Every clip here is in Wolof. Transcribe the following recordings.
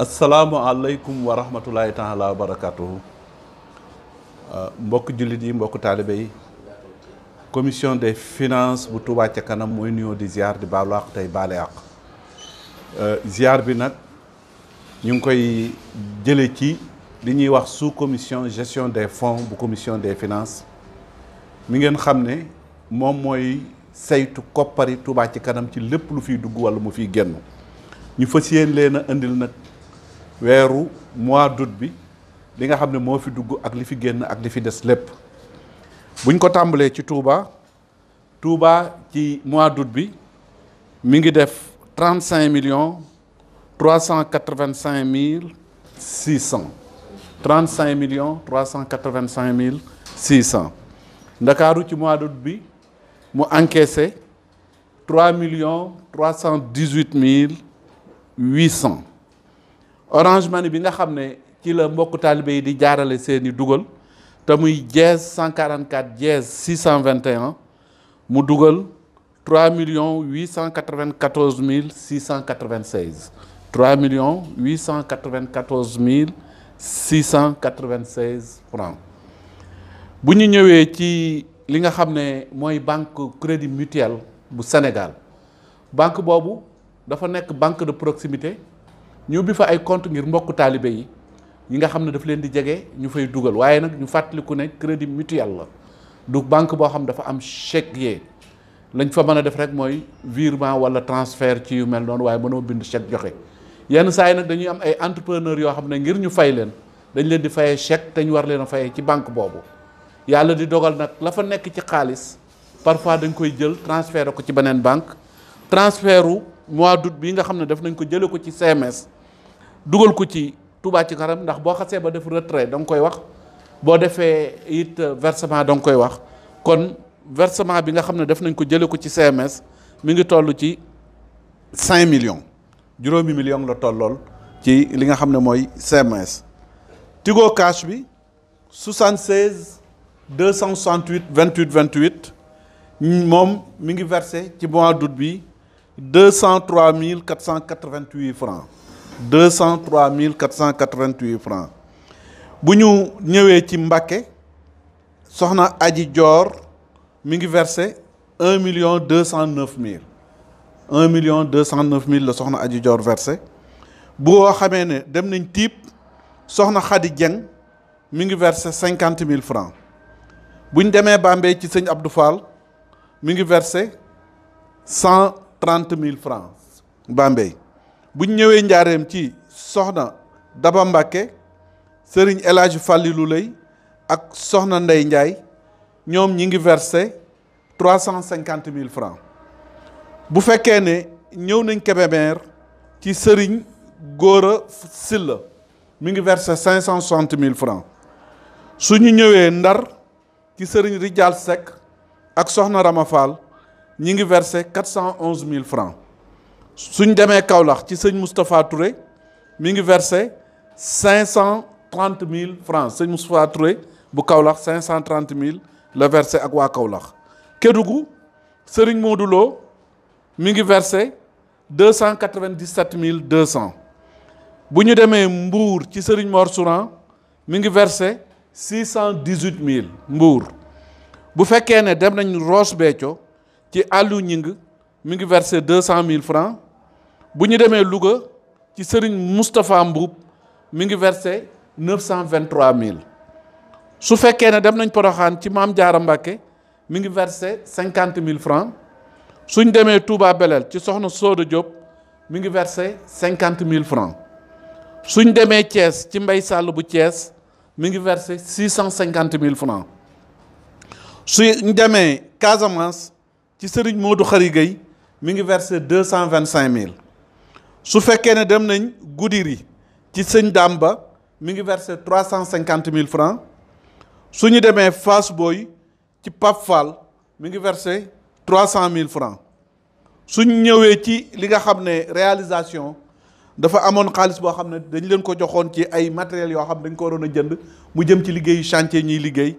asalaamualeykum wa rahmatulahi taala wa barakatuhu euh, mbokk jullit yi mbokk taalibe commission des finance bu Touba ca kanam mooy nuyoo di ziar di baalu àq tey baale àq euh, ziar bi nag ñu ngi koy jële ci li ñuy wax sous commission gestion des fonds bu commission des finance mi ngeen xam ne moom mooy saytu koppari Touba ci kanam ci lépp lu fiy dugg wala mu fiy génn ñu fas yéen leen a indil nag weeru mois d'août bi li nga xam ne moo fi dugg ak li fi génn ak li fi des lépp buñ ko tàmbalee ci Touba Touba ci mois d'août bi mi ngi def trente cinq millions trois cent quatre vingt cinq mille six cent trente cinq millions cent quatre vingt cinq mille six Ndakaaru ci mois d'août bi mu encaissé trois millions trois cent dix huit mille Orange Money bi nga xam ne ci la mbokku taalibe di jaarale seeni dugal te muy jeez 144 jeez 621 mu dugal 3 millions 894 mille 696 3 millions 894 mille 696 francs bu ñu ñëwee ci li nga xam ne mooy banque crédit mutuel bu Sénégal banque boobu dafa nekk banque de proximité ñu ubbi fa ay compte ngir mbokk taalibe yi nga xam ne daf leen di jege ñu fay dugal waaye nag ñu fàttaliku ne crédit mutuel la du banque boo xam ne dafa am chèque lañ fa mën a def rek mooy virement wala transfert ci yu mel noonu waaye mënoo bind chèque joxe yenn saa yi nag dañuy am ay entrepreneur yoo xam ne ngir ñu fay leen dañ leen di fayee chèque te ñu war leen a fayee ci banque boobu yàlla di dogal nag la fa nekk ci xaalis parfois dañ koy jël transféré ko ci beneen banque transfertu mois d'août bi nga xam ne def nañ ko jëlee ko ci CMS dugal ko ci Touba ci kanam ndax boo xasee ba def retrait da nga koy wax boo defee it versement da nga koy wax kon versement bi nga xam ne def nañ ko jëlee ko ci CMS mi ngi toll ci cinq millions juróomi millions la tollool ci li nga xam ne mooy CMS Tigo Cash bi 76 268 28 28 moom mi ngi versé ci mois d'août bi 203 488 francs deux cent trois mille quatre cent quatre-vingt-huit bu ñu ñëwee ci Mbàkke soxna Aji Joor mi ngi versé un million deux cent neuf mille un million deux cent neuf mille la soxna Aji Joor versé boo xamee ne dem nañ tiib soxna Xadi Jeng mi ngi versé cinquante mille francs buñ ñu demee Bambey ci sëñ Abdou Fall mi ngi versé cent trente mille francs Bambey buñ ñëwee njaareem ci soxna Daba Mbàkke sëriñ El Hadj Fàllilu lay ak soxna Ndey Njaay ñoom ñi ngi versé trois cent cinquante mille francs bu fekkee ne ñëw nañ Kébémer ci sëriñ Góora Silla mi ngi versé cinq cent soixante mille francs su ñu ñëwee Ndar ci sëriñ Rijal Seck ak soxna Rama Fall ñi ngi versé quatre cent onze mille francs suñ demee Kaolack ci sëñ Moustapha Touré mi ngi versé cinq cent trente mille francs sëñ Moustapha Touré bu Kaolack cinq cent trente mille la versé ak waa Kaolack Kédougou sëriñ Modou Lo mi ngi versé deux cent quatre vingt mille deux cent bu ñu demee Mbour ci sëriñ Mor Souran mi ngi versé six cent dix huit mille Mbour bu fekkee ne dem nañ Ross Béthio ci àllu ñing mu ngi versé deux cent mille francs bu ñu demee Louga ci sëriñ Moustapha Mboup mi ngi versé neuf cent vingt trois mille su fekkee ne dem nañ Poroxaan ci maam Jaara Mbàkke mi ngi versé cinquante mille francs suñ demee Touba Belel ci soxna Sooda Diop mi ngi versé cinquante mille francs suñ demee Thiès ci Mbay Sàll bu Thiès mi ngi versé six cent cinquante mille francs suñ demee Casamance ci Sëriñ Modou Xari Gueye mi ngi versé deux cent vingt cinq mille su fekkee ne dem nañ Goudiry ci sëñ ba mi ngi versé trois cent cinquante mille francs su ñu demee Fass booy ci Pape Fall mi ngi versé trois cent mille francs su ñëwee ci li nga xam ne réalisation dafa amoon xaalis boo xam ne dañ leen ko joxoon ci ay matériels yoo xam ne dañ ko waroon a jënd mu jëm ci liggéeyu chantier ñuy liggéey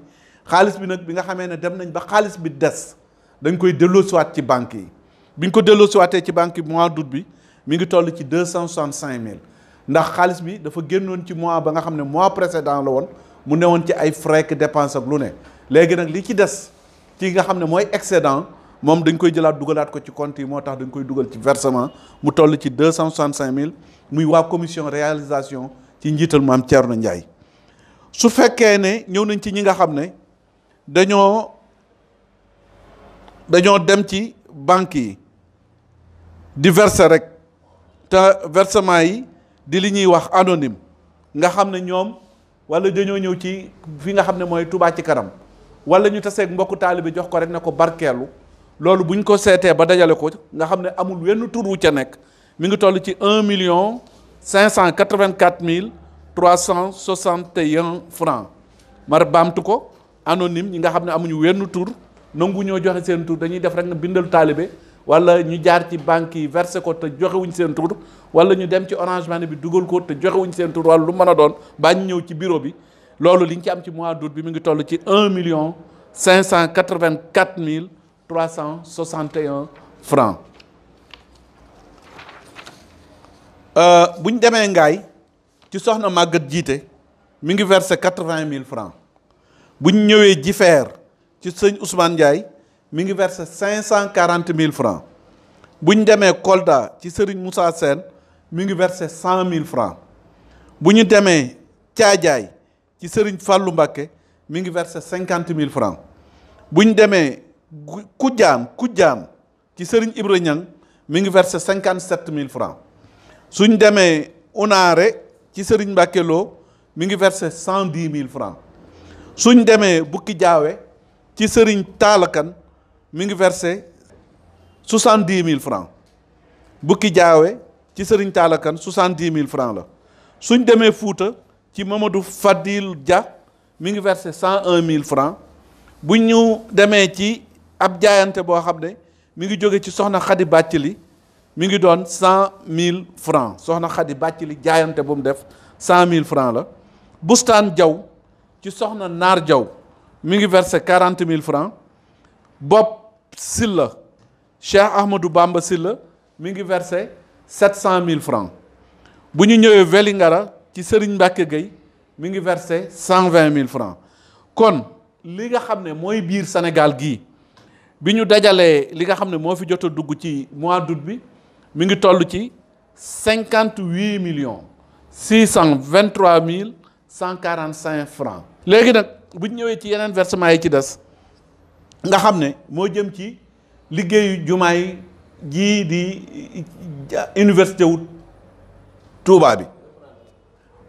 xaalis bi nag bi nga xamee ne dem nañ ba xaalis bi des dañ koy delloosiwaat ci banque yi ñu ko delloosiwaatee ci banque mois d'août bi. mi ngi toll ci deux cent cinq mille ndax xaalis bi dafa génnoon ci mois ba nga xam ne mois précédent la woon mu newoon ci ay frais que dépense ak lu ne léegi nag li ci des ci nga xam ne mooy excédent moom dañ koy jëlaat dugalaat ko ci compte yi moo tax dañ koy dugal ci versement mu toll ci deux cent soixante mille muy waa commission réalisation ci njiital maam na Ndiaye su fekkee ne ñëw nañ ci ñi nga xam ne dañoo dañoo dem ci banque yi di rek te versement yi di li ñuy wax anonyme nga xam ne ñoom wala dañoo ñëw ci fi nga xam ne mooy Touba ci kanam wala ñu taseeg mbokku taalibe jox ko rek ne ko barkeelu loolu bu ñu ko seetee ba dajale ko nga xam ne amul wenn tur wu ca nekk mi ngi toll ci un million cinq cent quatre-vingt-quatre mille trois cent soixante et un francs mar baamtu ko anonyme ñi nga xam ne amuñu wenn tur nangu ñoo joxe seen tur dañuy def rek na bindalu taalibe wala ñu jaar ci banque yi versé ko te joxewuñ seen tur wala ñu dem ci Orange bi dugal ko te joxewuñ seen tur wala lu mën a doon baañ ñëw ci bureau bi loolu li ñu ci am ci mois d'août bi mu ngi toll ci un million cinq cent quatre-vingt-quatre mille trois cent soixante et un francs euh, bu ñu demee ngaay ci soxna màggat jiite mi ngi versé quatre-vingt mille francs bu ñu ñëwee jifeer ci sëñ Ousmane Ndiaye mi ngi verse cinq cent quarante mille francs bu ñu demee Kolda ci Serigne Moussa Sène mi ngi verse cent mille francs bu ñu demee Caajaay ci Serigne Fallou Mbakke mi ngi verse cinquante mille francs bu ñu demee Kujaan Kujaan ci Serigne Ibra mi ngi verse cinquante sept mille francs suñ demee Unaare ci Serigne Mbakke Lo mi ngi verse cent dix mille francs suñ demee Bukki Jaawe ci Serigne Taalakan mi ngi versé soixante dix mille francs bukki jaawe ci sëriñ taalakan soixante dix mille francs la suñ demee Fuuta ci Mamadou Fadil Dia mi ngi versé cent un mille francs bu ñu demee ci ab jaayante boo xam ne mi ngi jóge ci soxna Xadi Bàccili mi ngi doon cent mille francs soxna Xadi Bàccili jaayante bu mu def cent mille francs la Bustaan Jaw ci soxna Naar Jaw mi ngi versé quarante mille francs bopp Silla Cheikh Ahmadou bàmba Silla mi ngi versé sept cent mille francs bu ñu ñëwee Vélingara ci Serigne Mbacke Gueye mi ngi verse cent vingt mille francs kon li nga xam ne mooy biir Sénégal gi bi ñu dajalee li nga xam ne moo fi jot dugg ci mois d'août bi mi ngi toll ci cinquante huit millions six cent vingt trois mille cent quarante cinq francs léegi nag bu ñu ñëwee ci yeneen versement yi ci des nga xam ne moo jëm ci liggéeyu jumaay jii di université wu Touba bi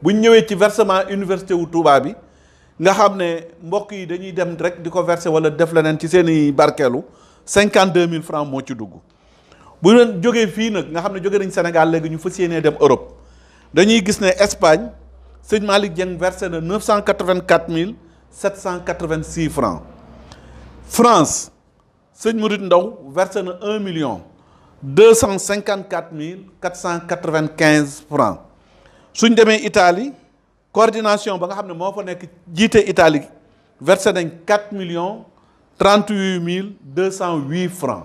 buñ ñëwee ci versement université wu Touba bi nga xam ne mbokk yi dañuy dem rek di ko verser wala def neen ci seeni barkeelu cinquante deux mille francs moo ci dugg bu leen jógee fii nag nga xam ne jóge nañ Sénégal léegi ñu fas yéenee dem Europe dañuy gis ne Espagne sëñ Malick Dieng versé na neuf cent quatre vingt mille sept cent quatre vingt France sëñ Mouride Ndaw versé un million deux cent cinquante quatre mille quatre cent quatre vingt quinze francs suñ demee itali coordination ba nga xam ne moo fa nekk jiite Italie versé nañ quatre million trente huit mille deux cent huit francs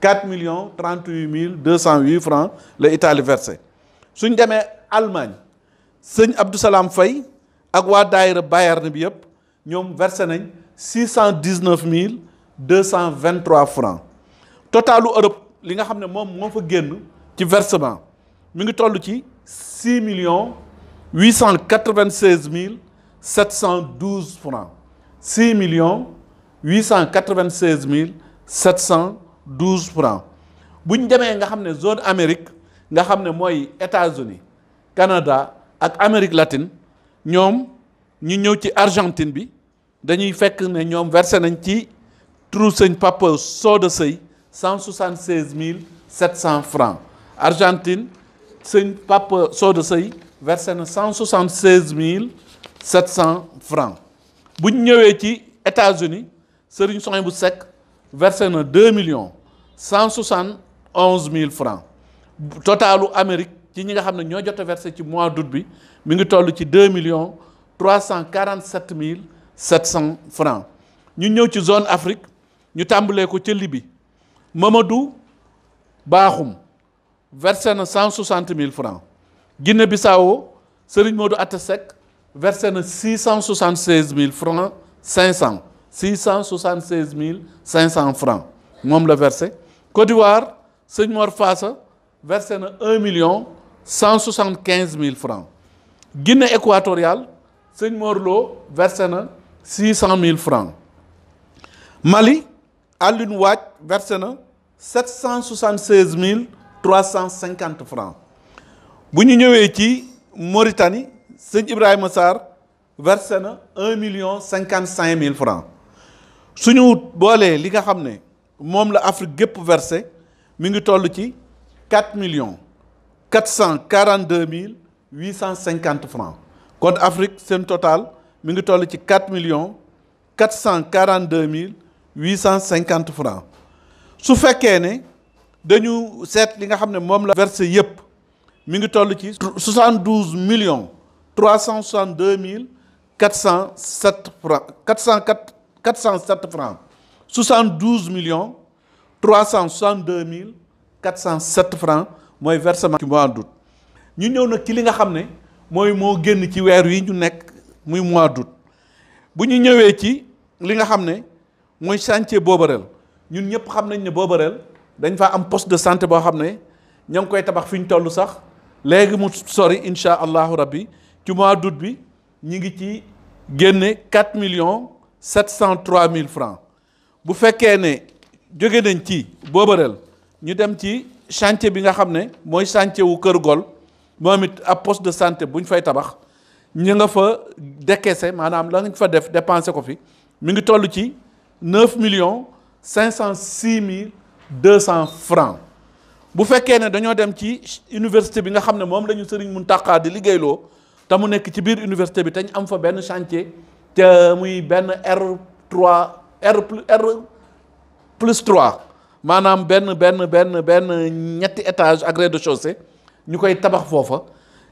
quatre million trente huit mille deux cent huit francs la itali versé suñ demee Allemagne sëñ Abdou fay ak waa daayira Bayern bi yëpp ñoom versé nañ. six cent dix neuf mille deux cent vingt trois francs totalu Europe li nga xam ne moom moo fa génn ci versement mi ngi toll ci six millions huit cent quatre vingt mille sept cent douze francs six millions huit cent quatre vingt mille sept cent douze francs bu ñu demee nga xam ne zone Amérique nga xam ne mooy États-Unis Canada ak Amérique latine ñoom ñu ñëw ci Argentine bi. dañuy fekk ne ñoom versé nañ ci trou sëñ Papa Soda Sey cent soixante seize mille sept cent francs Argentine sëñ Papa Soda Sey versé na cent soixante seize mille sept cent francs bu ñëwee ci États-Unis Serigne Souhaïbou Seck versé na deux millions cent soixante onze mille francs totalu Amérique ci ñi nga xam ne ñoo jot a ci mois d'août bi mi ngi toll ci deux millions trois cent quarante sept mille 700 francs ñu ñëw ci zone Afrique ñu tàmbalee ko ca Libye Mamadou Bakhoum versé na 160 000 francs Guinée Bissau Serigne Modou Atta Seck versé na 676 000 francs 500 676 500 francs moom la versé Côte d'Ivoire sëñ Mor Faasa versé na 1 million 175 000 francs Guinée équatoriale sëñ Mor Lo versé na. six cent mille francs Mali Alioune Waaj versé na sept cent soixante seize mille trois cent cinquante francs bu ñu ñëwee ci Mauritanie sëñ Ibrahima Sarr versé na un million cinquante cinq mille francs suñu boolee li nga xam ne moom la Afrique gépp versé mi ngi toll ci quatre millions quatre cent mille huit cinquante francs kon Afrique seen total. mi ngi toll ci quatre million quatre cent quarante deux mille huit cent cinquante francs su fekkee ne dañu seet li nga xam ne moom la versé yëpp mi ngi toll ci soixante douze millions trois cent soixante deux mille quatre cent sept francs quatre cent quatre quatre cent sept francs soixante douze millions trois cent soixante deux mille quatre cent francs mooy versement ci mois d'août ñu ñëw nag ci li nga xam ne mooy moo génn ci weer yi ñu nekk muy mois d'août bu ñu ñëwee ci li nga xam ne mooy chantier boobareel ñun ñëpp xam nañ ne boobareel dañ faa am poste de santé boo xam ne ña ngi koy tabax fi ñu toll sax léegi mu sori insha allahu rabbi ci mois d'août bi ñu ngi ci génne million 4 cent 703 mille francs bu fekkee ne jóge nañ ci boobareel ñu dem ci chantier bi nga xam ne mooy chantier wu Kër Gol moom it ab poste de santé bu ñu fay tabax ñi nga fa décaissé maanaam la nga fa def dépensé ko fi mu ngi toll ci neuf million cinq cent six mille deux cent francs bu fekkee ne dañoo dem ci université bi nga xam ne moom la ñu sëriñ Mountakha di liggéeyloo te mu nekk ci biir université bi te ñu am fa benn chantier te muy benn R3 R plus R plus 3 maanaam benn benn benn benn ñetti étage ak de chaussée ñu koy tabax foofa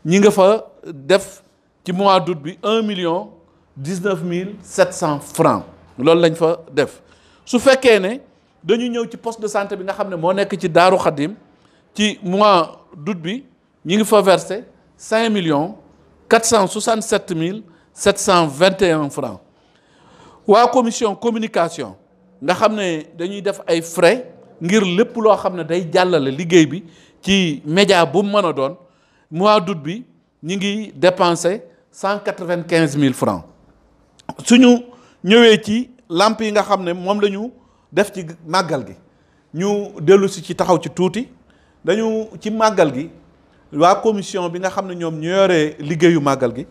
ñi nga fa def. ci mois d'août bi un million dix-neuf mille sept cent francs loolu lañ fa def su fekkee ne dañu ñëw ci poste de santé bi nga xam ne moo nekk ci Daaru Xadim ci mois d'août bi ñu ngi fa versé cinq millions cent soixante-sept mille sept cent vingt et francs waa commission communication nga xam ne dañuy def ay frais ngir lépp loo xam ne day jàllale liggéey bi ci média bu mu mën a doon mois d'août bi ñu ngi dépensé cent quatre vingt quinze mille francs suñu ñëwee ci làmp yi nga xam ne moom la ñu def ci màggal gi ñu dellu si ci taxaw ci tuuti dañu ci màggal gi waa commission bi nga xam ne ñoom ñu yoree liggéeyu màggal gi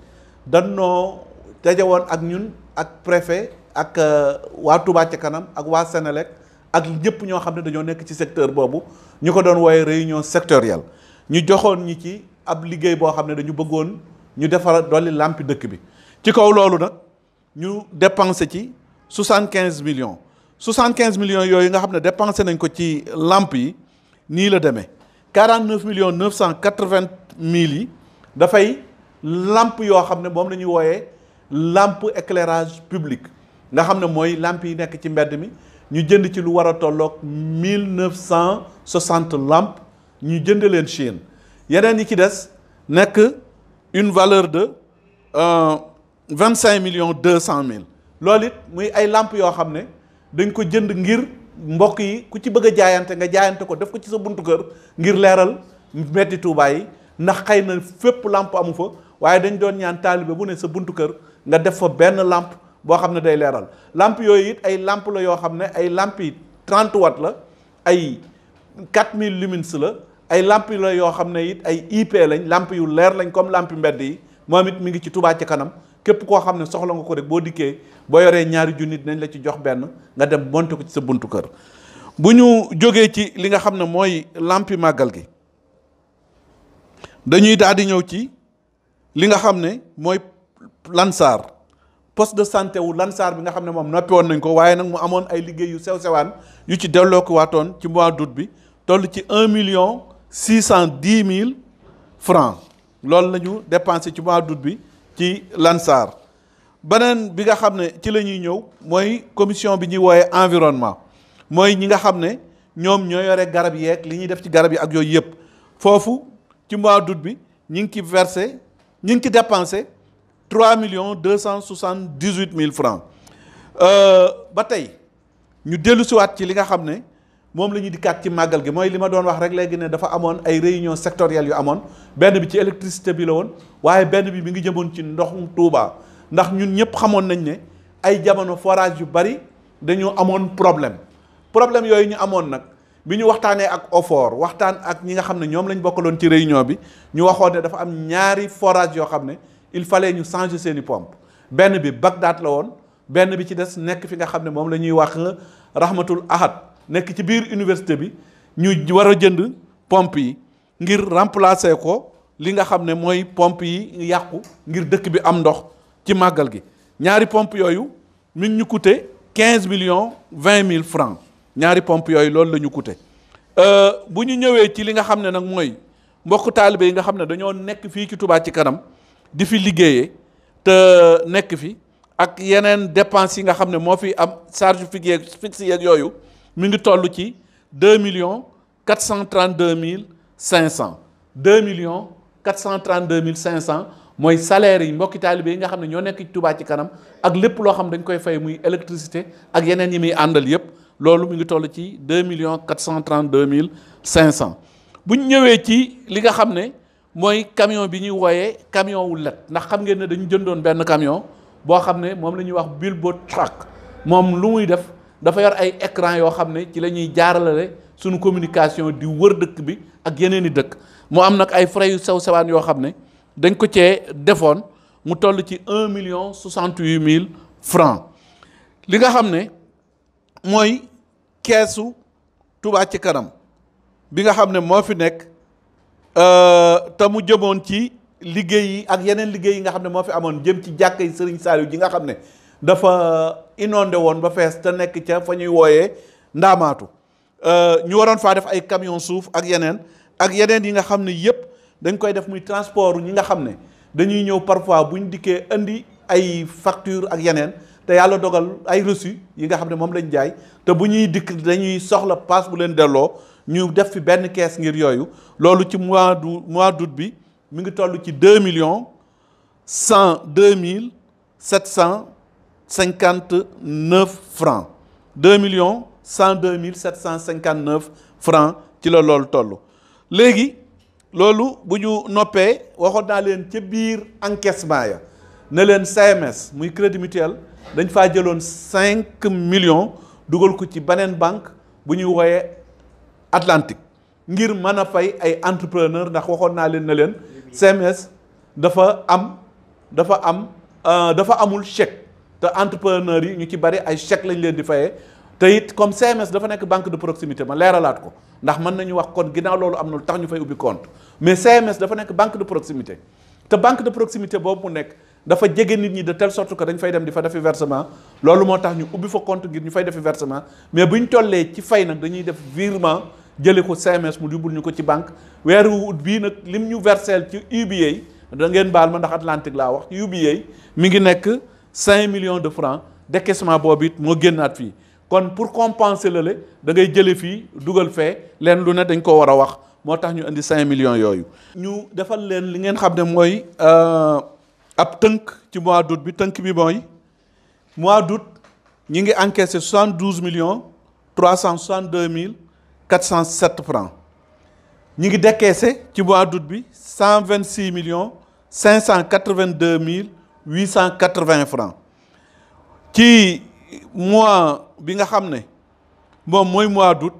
danoo dajewoon ak ñun ak préfet ak euh, waa Touba ci kanam ak waa senelek ak ñëpp ñoo xam ne dañoo nekk ci secteur boobu ñu ko doon wooye réunion sectorielle ñu joxoon ñi ci ab liggéey boo xam ne dañu bëggoon ñu defara dolli làmpi dëkk bi ci kaw loolu nag ñu dépensé ci soixante quinze million soixante quinze millions yooyu nga xam ne dépensé nañ ko ci làmp yi nii la demee quarante neuf millions neuf cent quatre vingt mille yi dafay làmp yoo xam ne moom la ñuy wooyee làmp éclairage publique nga xam ne mooy làmp yi nekk ci mbedd mi ñu jënd ci lu war a tolloog mille neuf cent làmp ñu jënd leen Chine yeneen yi ci des nekk une valeur de euh, vingt cinq millions deux cent mille lool it muy ay làmp yoo xam ne dañ ko jënd ngir mbokk yi ku ci bëgg a jaayante nga jaayante ko def ko ci sa buntu kër ngir leeral metti Tuubaa yi ndax xëy na fépp làmp amu fa waaye dañ doon ñaan taalibe bu ne sa buntu kër nga def fa benn làmp boo xam ne day leeral làmp yooyu it ay làmp la yoo xam ne ay làmp yi trente watt la ay quatre mille lumines la ay lamp la yoo xam ne it ay IP lañ lamp yu leer lañ comme lamp mbedd yi moom it mi ngi ci Touba ca kanam képp koo xam ne soxla nga ko rek boo dikkee boo yoree ñaari junni dinañ la ci jox benn nga dem monte ko ci sa buntu kër bu ñu jógee ci li nga xam ne mooy lampi màggal gi dañuy daal di ñëw ci li nga xam ne mooy Lansar poste de santé wu Lansar bi nga xam ne moom noppi woon nañ ko waaye nag mu amoon ay liggéey yu sew sewaan yu ci delloo ko waatoon ci mois d'août bi toll ci un million six cent dix mille francs loolu lañu ñu ci mois d'août bi ci Lansar beneen bi nga xam ne ci la ñuy ñëw mooy commission bi ñuy wooyee environnement mooy ñi nga xam ne ñoom ñoo yore garab yeeg li ñuy def ci garab yi ak yooyu yëpp foofu ci mois d'août bi ñi ngi ci versé ñi ngi ci dépensé trois millions deux cent soixante dix huit mille francs euh, ba tey ñu dellu siwaat ci li nga xam ne moom la ñuy dikkaat ci màggal gi mooy li ma doon wax rek léegi ne dafa amoon ay réunion sectorielles yu amoon benn bi ci électricité bi la woon waaye benn bi mi ngi jëmoon ci ndoxum Touba ndax ñun ñëpp xamoon nañ ne ay jamono forage yu bari dañoo amoon problème problème yooyu ñu amoon nag bi ñu waxtaanee ak OFOR waxtaan ak ñi nga xam ne ñoom lañ bokkaloon ci réunion bi ñu waxoon ne dafa am ñaari forage yoo xam ne il fallait ñu changer seeni pompe benn bi Bagdad la woon benn bi ci des nekk fi nga xam ne moom la ñuy wax Rahmatul Ahad nekk ci biir université bi ñu war a jënd pompe yi ngir remplacer ko li nga xam ne mooy pompe yi yàqu ngir dëkk bi am ndox ci màggal gi ñaari pompe yooyu mi ñu coûté quinze millions vingt mille francs ñaari pompe yooyu loolu la ñu coûté euh, bu ñu ñëwee ci li nga xam ne nag mooy mbokk taalibe yi nga xam ne dañoo nekk fii ci Touba ci kanam di fi liggéeyee te nekk fi ak yeneen dépense yi nga xam ne moo fi am charge fixe yeeg yooyu mi ngi toll ci deux millions quatre cent trente deux mille cinq cent deux millions quatre cent trente mille cinq cent mooy salaire yi mbokki taalibe yi nga xam ne ñoo nekk ci Touba ci kanam ak lépp loo xam dañ koy fay muy électricité ak yeneen yi muy àndal yépp loolu mi ngi toll ci deux millions quatre cent trente deux mille cinq cent bu ñu ñëwee ci li nga xam ne mooy camion bi ñuy wooyee camion wu let ndax xam ngeen ne dañu jëndoon benn camion boo xam ne moom la ñuy wax bilbo truck moom lu muy def dafa yor ay écran yoo xam ne ci la ñuy jaaralale suñu communication di wër dëkk bi ak yeneen i dëkk mu am nag ay frais yu sew sewaan yoo xam ne dañ ko cee defoon mu toll ci un million soixante huit mille francs li nga xam ne mooy keesu Touba ci kanam bi nga xam ne moo fi nekk euh, te mu jëmoon ci liggéey yi ak yeneen liggéey yi nga xam ne moo fi amoon jëm ci jàkka yi Serigne Saliou ji nga xam ne dafa inondé woon ba fees te nekk ca fa ñuy wooyee ndaamaatu euh, ñu waroon faa def ay camion suuf ak yeneen ak yeneen yi nga xam ne yëpp dañ koy def muy transport ñi nga xam ne dañuy ñëw parfois bu ñu dikkee indi ay facture ak yeneen te yàlla dogal ay reçu yi nga xam ne moom lañ jaay te bu ñuy dikk dañuy soxla paas bu leen delloo ñu def fi benn kees ngir yooyu loolu ci mois du mois d'août bi mi ngi toll ci deux millions cent deux mille sept cent cinquante neuf francs deux millions cent deux mille sept cent cinquante neuf francs ci la loolu toll léegi loolu bu ñu noppee waxoon naa leen ca biir encaissement ya ne leen CMS muy crédit mutuel dañ faa jëloon cinq millions dugal ko ci beneen banque bu ñuy wooyee Atlantique ngir mën a fay ay entrepreneur ndax waxoon naa leen na leen CMS dafa am dafa am euh, dafa amul cheque te entrepreneur yi ñu ci bari ay chèque lañ leen di fayee te it comme CMS dafa nekk banque de proximité ma leeralaat ko ndax mën nañu wax kon ginnaaw loolu am na lu tax ñu fay ubbi compte mais CMS dafa nekk banque de proximité te banque de proximité boobu mu nekk dafa jege nit ñi de telle sorte que dañ fay dem di fa defi versement loolu moo tax ñu ubbi fa compte ngir ñu fay defi versement mais bu ñu tollee ci fay nag dañuy def virement jëlee ko CMS mu yóbbul ñu ko ci banque weer wu bii nag lim ñu verseel ci UBA da ngeen baal ma ndax laa wax UBA mi ngi nekk. cinq millions de francs décaissement boobu it moo génnaat fii kon pour compenser lale da ngay jële fii dugal fee leen lu ne dañ ko war a wax moo tax ñu indi cinq millions yooyu ñu defal leen li ngeen xam ne mooy euh, ab tënk ci mois d'août bi tënk bi mooy mois d'août ñu ngi encaissé soixante douze millions trois cent soixante deux mille quatre cent sept francs ñi ngi décaissé ci mois d'août bi cent vingt six millions cinq cent quatre vingt deux mille huit cent quatre vingt francs ci mois bi nga xam ne moom mooy mois d'août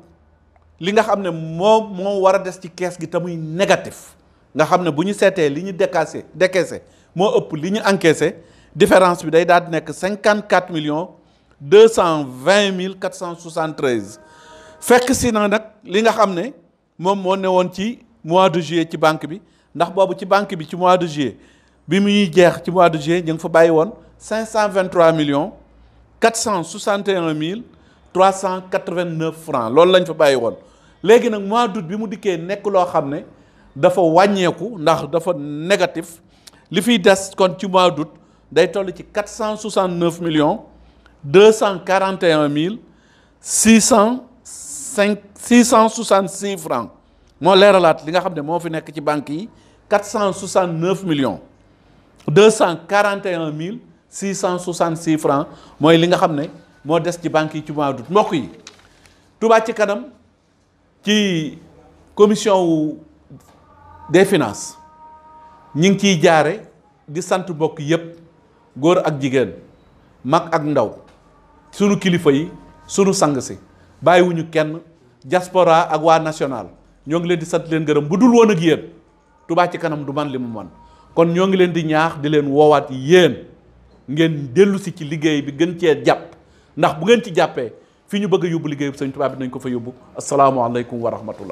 li nga xam ne moom moo war a des ci kees gi te muy négatif nga xam ne bu ñu seetee li ñu décaissé décaissé moo ëpp li ñu encaissé différence bi day daal di nekk cinquante quatre million deux cent vingt mille quatre cent soixante treize fekk si na nag li nga xam ne moom moo newoon ci mois de juillet ci banque bi ndax boobu ci banque bi ci mois de juillet bi mu ñuy jeex ci mois de juillet ñu ngi fa bàyyi woon cinq cent vingt million millions quatre cent soixante et mille trois cent quatre vingt loolu lañ fa bàyyi woon léegi nag mois d'août bi mu dikkee nekk loo xam ne dafa wàññeeku ndax dafa négatif li fiy des kon ci mois d'août day toll ci quatre cent soixante neuf millions deux cent quarante et mille six cent cinq six cent soixante six francs moo leeralaat li nga xam ne moo fi nekk ci banque yi quatre cent soixante neuf millions deux cent quarante mille six cent soixante six francs mooy li nga xam ne moo des ci banque yi ci mois d'août mbokk yi Touba ci kanam ci commission wu des finances ñi ngi ciy jaare di sant mbokk yépp góor ak jigéen mag ak ndaw sunu kilifa yi sunu sang si bàyyiwuñu kenn diaspora ak waa national ñoo ngi leen di sant leen gërëm bu dul woon ak yéen Touba ci kanam du man li mu man kon ñoo ngi leen di ñaax di leen woowaat yéen ngeen dellu si ci liggéey bi gën cee jàpp ndax bu ngeen ci jàppee fii ñu bëgg a yóbbu liggéey bi sëñ Tuubaa bi nañ ko fa yóbbu asalaamaaleykum wa rahmatullah